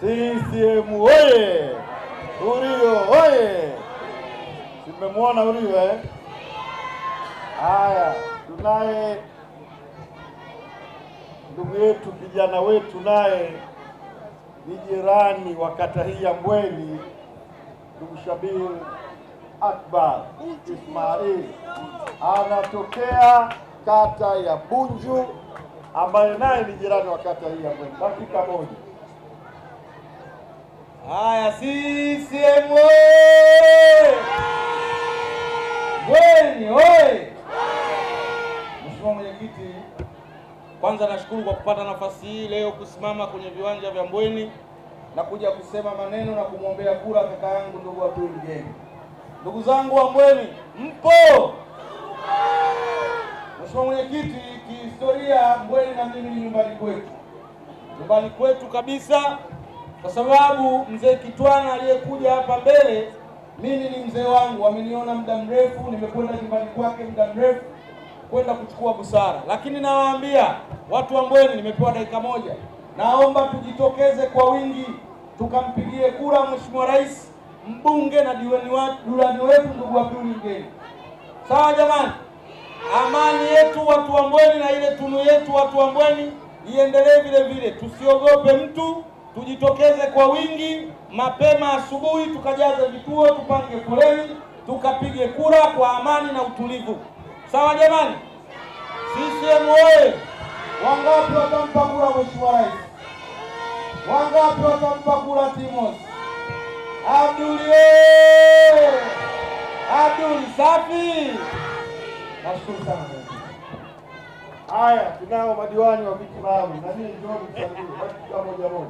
CCM oye! Urio oye! Simemwona Urio eh? Haya, tunaye ndugu yetu kijana wetu naye ni jirani wa kata hii ya Mbweni, ndugu Shabir Akbar Ismail anatokea kata ya Bunju ambaye naye ni jirani wa kata hii ya Mbweni. Dakika moja. Bwana CCM Bweni oye! Mheshimiwa Mwenyekiti, kwanza nashukuru kwa kupata nafasi hii leo kusimama kwenye viwanja vya Mbweni na kuja kusema maneno na kumwombea kura kaka yangu ndugu Abdul Mjengo. Ndugu zangu wa Mbweni, mpo? Mheshimiwa Mwenyekiti, kihistoria Mbweni na mimi ni nyumbani kwetu, nyumbani kwetu kabisa kwa sababu mzee Kitwana aliyekuja hapa mbele, mimi ni mzee wangu, wameniona muda mrefu, nimekwenda nyumbani kwake muda mrefu kwenda kuchukua busara, lakini nawaambia watu wa Mbweni, nimepewa dakika moja, naomba tujitokeze kwa wingi tukampigie kura Mheshimiwa Rais, mbunge na diwani wa durani wetu ndugu Abduli Ngeni. Sawa jamani, amani yetu watu wa Mbweni na ile tunu yetu watu wa Mbweni iendelee vile vile, tusiogope mtu tujitokeze kwa wingi mapema asubuhi, tukajaze vituo, tupange foleni, tukapige kura kwa amani na utulivu. Sawa jamani? CCM oye! Wangapi watampa kura mheshimiwa rais? Wangapi watampa kura Timos Abduli Abduli safi! Nashukuru sana. Haya, tunao madiwani wa viti maalum na mimi ndio moja moja